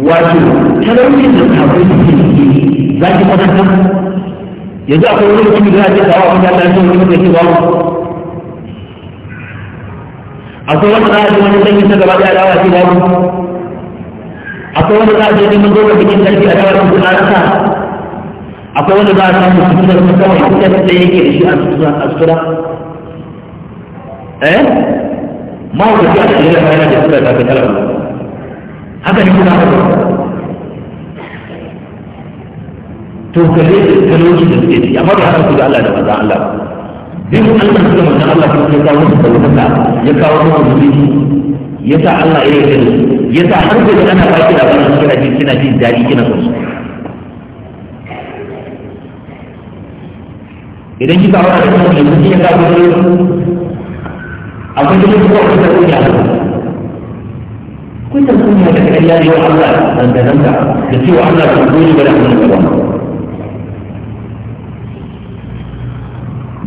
A: wato talaucin da kafin za ki kwatanta yanzu akwai wani mutum da ake tawa ya tashi wani mutum akwai wani a ji wani sanyi ta gaba akwai wani a ji neman goma a rasa akwai wani samu da kuma kawai da yake da shi a sutura eh da suka tafi talaba haka ne kuma to kaje talauci da suke ciki amma da haka su da Allah da manzon Allah duk Allah su da manzon Allah kuma ya kawo musu sautaka ya kawo musu zuci ya sa Allah ya yi ya sa har gobe ana baki da wannan kina ji kina ji daɗi kina so idan kika wara da kuma da zuci ya kawo a
C: akwai da kuma wata kunya
A: kun da kunya da kariya da yawa Allah da da da cewa Allah da gode da wannan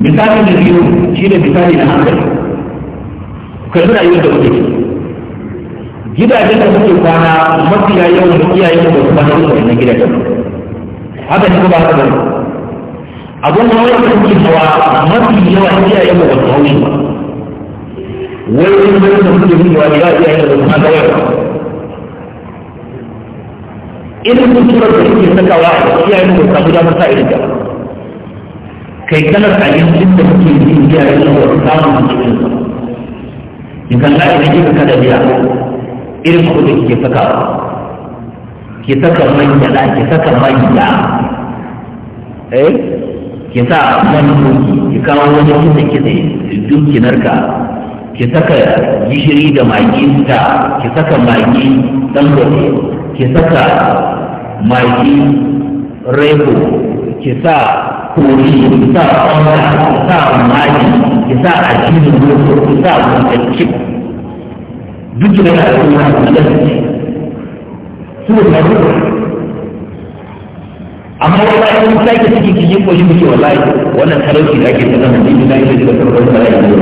A: misali da biyu shi ne misali na hankali kalli rayuwar da kuke gidajen da kuke kwana mafiya yawan da iyayen mu masu su kwana na gidajen haka ne ba haka bari. abun da wani kuke hawa mafi yawan iyayen mu ba su haushi ba wai wani wani da kuke kuke wani ya iyayen mu ba su haushi ba irin kuma kuke kuke sakawa iyayen mu ba su da sa irin da kai kalar a yanzu da muke yin biya ya zama da samun matsalolin in kan la idan kika kada biya irin kuɗi kike saka ki saka manya da ki saka manya eh ki sa man ki kawo wani ke da dukinar ki saka gishiri da magi ta ki saka magi gobe ki saka magi rebo ki sa kori sa kwanta sa maki ya sa a jini ko ya duk da yana da kuma lantarki su da mafi amma wani in sake ciki ki yi koyi muke wallahi wannan talauci da ake tsaka mai yi zai da karfin sarari ne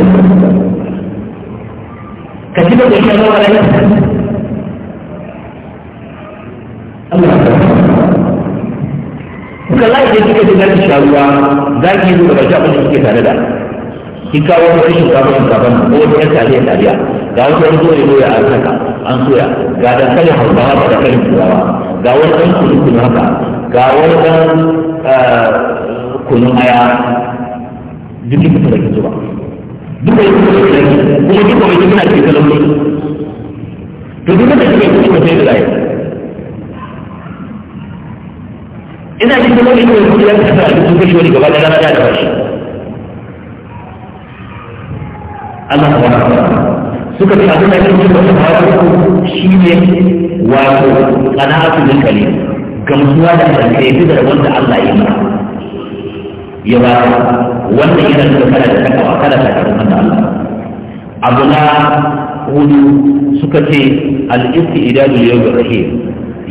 A: ka ci da koyi na wani Allah ya suka lafiya suka ce za ki sha ruwa zaki yi zuwa bashi abin da tare da ki kawo wani shinkafa shinkafa na ko wani yan taliya taliya ga wani wani zuwa a haka an soya ga dankalin hausawa da dankalin turawa ga wani ɗan kunu haka ga wani ɗan eh, kunun aya duk kika da ki duk duka yi kuma da kuma duka mai kina ke to
C: duk da kike kuma sai da zai
A: ina jin da wani kawai kudi ya fi kasa duk kashe wani gaba da rana ya da shi
B: Allah ta wani suka ce abin da ya fi wani
A: hawa shi ne wato ƙana'atu min kalil gamsuwa da kalil da rabon da Allah ya
C: yi
A: ya ba wannan yana nuna kana da takawa kana da takawa da Allah abu na hudu suka ce al-isti idadu yau da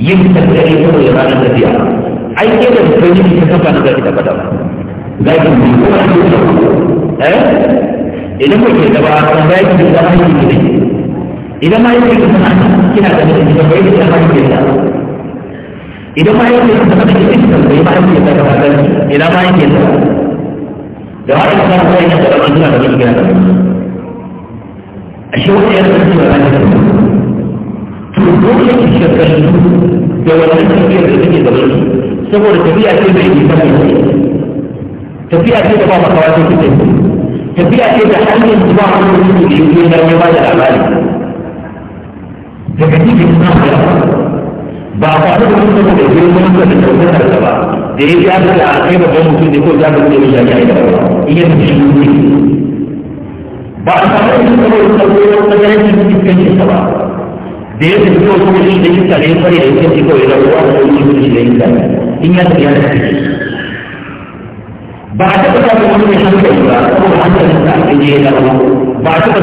A: yin tafiya ne saboda ranar tafiya ai ke da ubangiji ta kafa na zaki tabbata ba zaki ne ko an yi eh idan kuke da ba kan zaki da zaki ne idan ma yake kuma kina da mutum da bai da zaki da idan ma yake kuma da kike da bai ma yake da gaba dan idan ma yake da da wani kan da da kina da kike da ashe wani yana da kike da to dole ki shirka da ne kike da kike da saboda tafiya ce mai nisa mai tafiya ce da ba makawa ce kuke tafiya ce da hanyar zuwa hannun su da yake da ya ba da labari daga cikin ba a faɗi da mutum da ke girman da da kyautar da ba da ya ja da a kai babban mutum da ko ja da mutum ya ja da ba in yi da shi ba a samu da kuma da kuma da da kuma da kuma da kuma da ya tafi ko kuma shi da da ya da ya tafi ya tafi ba a taɓa samun wani mai hankali ba da ya ba a ba a da ya tafi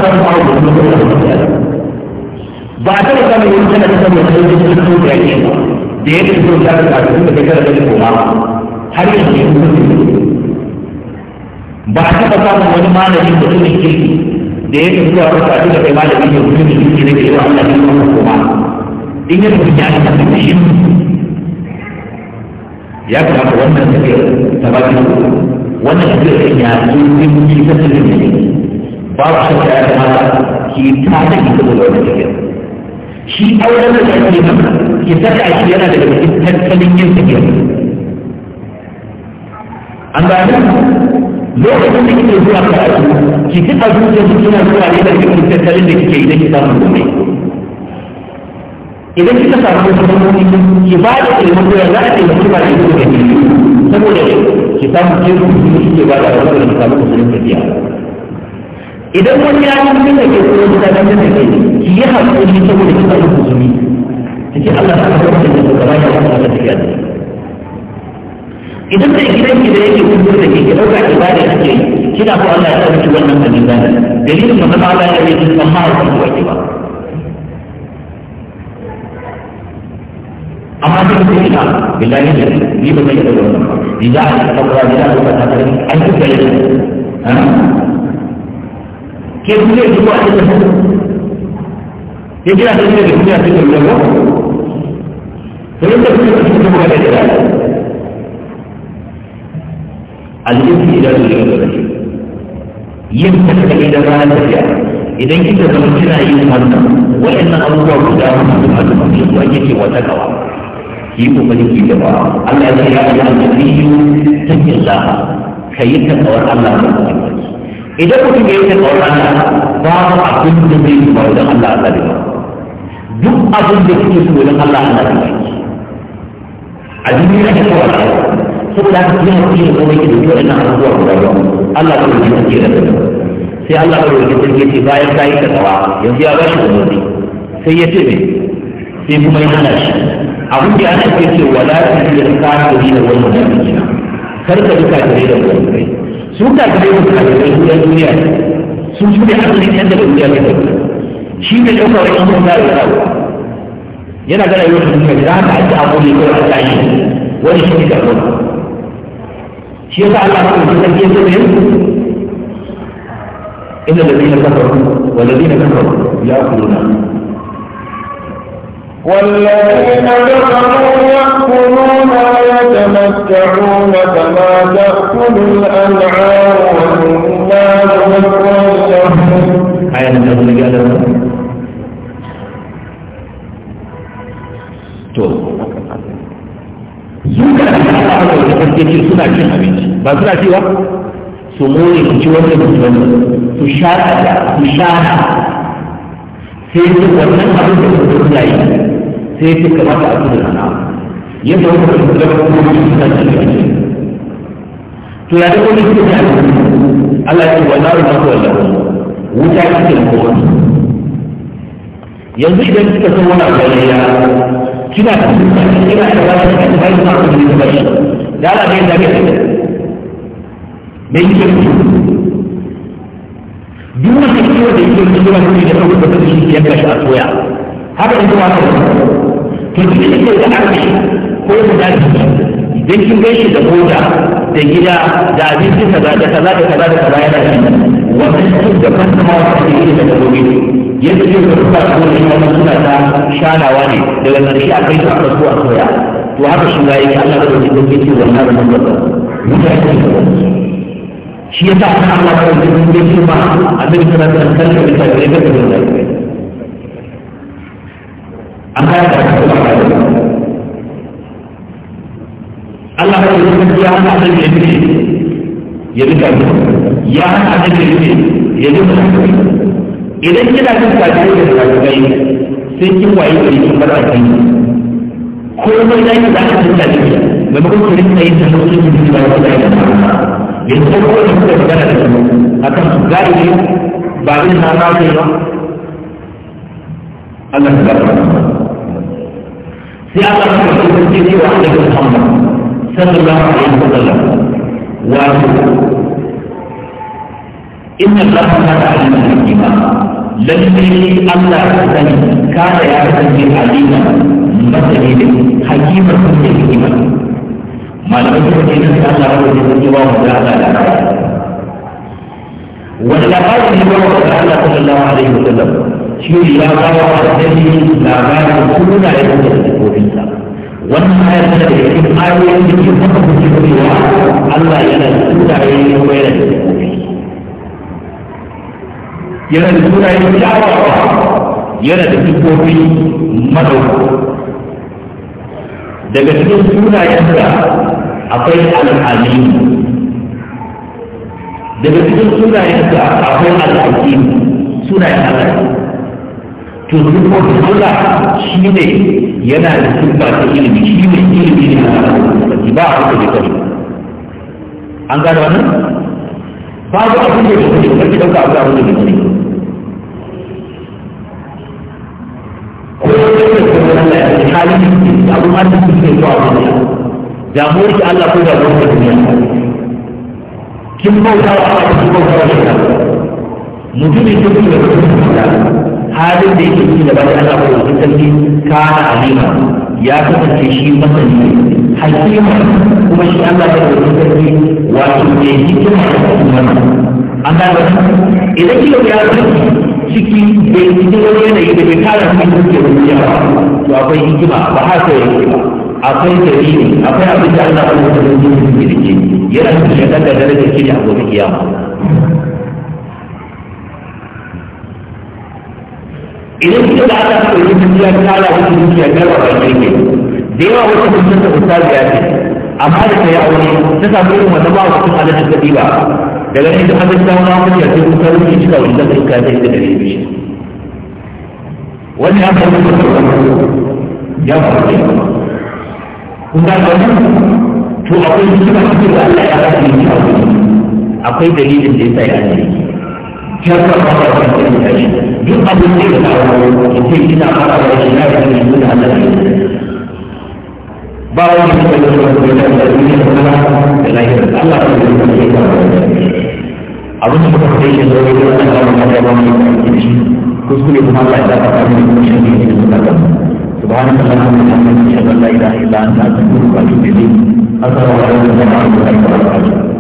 A: ta da ta tafi da ya ba da ya tafi zuwa kasa duka kai malami ne mutum da duki ne da yawa ne kuma koma in ya tafi ya da shi ya kamata wannan take tabaki wannan take da ya yi din shi ta cikin ne ba ku san ya kamata ki ta da ki da wannan take shi auren da yake nan ki saka shi yana daga cikin tattalin yin take an gane lokacin da kike zuwa karatu ki ji a zuciyarki kina zuwa ne da kike tattalin da kike idan ki samu kuɗi idan kika samu wasu hanyoyi ki ba da taimako ya za a taimaki ba da ita da ke saboda ki samu ke kuma kike ba da wasu da ki samu kusurin tafiya idan wani ya yi mutum da ke kuma wata ta da ke ki yi hankali saboda ki samu kusuri ki ce Allah ta kawo da ke gaba da ta tafiya da idan mai gidan ki da yake kudu da ke ɗauka ibada kake kina ko Allah ya ɗauki wannan hadisa dalilin manzon Allah ya yi amma ba ku wake ba amma duk da ina billahi ne ni ba zai ɗauka wannan ba ni za a yi ɗauka ni za a ɗauka ta kare an yi kai ke kuma yi ko a cikin
C: hudu ya kira ta ne da kuma ya fi ɗauka ba?
A: Sai da kuma ya fi ɗauka da al'insu idan su yau da yin haka idan rana tafiya idan kika zama kina yin wannan waɗannan abubuwa guda hudu a duk su ake ce wata kawa ki yi kokari ki da ba Allah ya ya yi annabiyu takillah ta takawar Allah ta kuma idan mutum ya ta takawar Allah babu abin da zai yi ba wajen Allah ta da duk abin da kuke so wajen Allah ta da ba a duniya da kawai saboda haka kuma mutum ya zama yake da waɗannan abubuwa guda ba Allah ko yake sarki da kai sai Allah ko yake sarki ce bayan ta yi kasawa yanzu ya ba shi umarni sai ya ce mai sai kuma ya hana shi abin da ana ce ce wala ta yi da kafiri da wani mutum kar ka duka tare da wani kai su ka tare da kafirai su yan duniya su su da asalin yan da duniya ne shi ne ɗaukar wani abubuwa da ya kawo yana gana yau da duniya da haka ake abu ne kawai a tsaye wani shi ne da wani shi yasa Allah ya ce sarki ya ce inna alladhina kafaru wa alladhina kafaru ya'kuluna
B: والذين كفروا يأكلون ويتمتعون كما تأكل الأنعام والنار والرجل
A: to su ka Allah da sarki ce suna cin abinci ba suna cewa su more su ci wannan su wannan su sha su sha sai su wannan abin da su yi sai su kamata a su da sana'a yadda wata su da kuma su suna cin abinci to ya da wani suke da Allah ya ce wannan wannan wuta ce ko yanzu idan kika san wani abu ya kina da kina da wani da bai da wani da bai da Allah bai da bai da duk wanda ke da yake da kira ne da kuma da shi ya ga a soya haka in kuma haka to duk da ke da arziki ko da dace idan kin shi da goda da gida da abinci kaza da kaza da kaza da kaza yana shi wannan duk da kan kuma da yake da gobe yadda ce ka suka ta wani wannan suna ta shanawa ne daga ƙarshe a kai ta aka a soya to haka shi ga yake Allah da wani gobe ce wannan da mun gaba shi ya sa kan Allah da wani gobe ce ma abin da kana da kan da ta gare ka da an ka da Allah da wani gobe ya hana da ya bi ya bi ka ya hana da ya bi ya idan kina kan kafirai da kafirai sai kin waye gari kin bar addini ko mai da da zaka tunta ne da mutum ki rinka yin tasawuri ki ba da da yanzu ko ko ki da magana da su akan su gari ne ba ni na na ne ba Allah ya ba sai Allah ya kasance cewa da Muhammad sallallahu alaihi wa sallam wa إن الرحمة علم الحكمة لذلك الله سبحانه كان يعتني علينا مثلي حكيمة الحكمة ما لم يكن إن الله رب الجواب تعالى
B: واللقاء الجواب تعالى صلى الله عليه وسلم شيء لا قوى
C: الذي لا قوى كل لا يكون في
A: wannan ayar tana da cikin ayoyin da ke maka hujjoji wa Allah yana da sunaye ko yana da sifofi
C: yana da sunayen kyawawa yana da sifofi madauka
A: daga cikin sunayensa akwai al'alim daga cikin sunayensa akwai al'akim sunayen Allah to sifofin Allah shi ne yana da ba ta ilimi shi ne ilimi ne a ba a haka da kai an gano wannan babu abin da ya fi kake ɗauka a samun da ke ko ya yau ko ya Allah ya ce halin da abin arziki ne zuwa wani damuwar ki Allah ko damuwar ka duniya kin bauta wa Allah kin bauta wa shekara mutumin kin kuma da halin da yake ci da bayan Allah ko da kuma sarki kana alima ya kasance shi masani hakima kuma shi Allah ya rubuta sarki wato ne hikima da kuma an ga wani idan kilo ya rubuta ciki bai cikin wani yanayi da bai tara shi da ke rubuta to akwai hikima ba har sai hikima akwai dalili akwai abin da Allah ya rubuta sarki da ke yana da shakar da darajar shi ne a gobe kiyama
C: idan kika da aka
A: taɓa yi dukiya ta ala wata dukiya ta raba ke ke da yawa wata mutum ta ustaziya ce amma da ta yi aure ta samu irin wata ba wata kuma alaƙa ta ba. daga nan da aka samu na wata yadda kuka rufe cika wani zaka yi kayan da ɗari biyu wani ya faru da ya faru da kuma. Kuma ga wani to akwai hikima cikin da Allah ya ba shi akwai dalilin da ya sa ya ne كيف خرج من العلم يقبل العلم يقول إذا
B: خرج العلم لا يكون على العلم بعض
A: abin da kuka kai yanzu wani wani an gama na gaba mai kwanci kuskure kuma Allah ya dafa kan yin kushe ne da suka gaba subhanahu wa ta'ala min hamdihi shalla la ilaha illa anta astaghfiruka wa atubu ilayk assalamu alaikum wa rahmatullahi wa barakatuh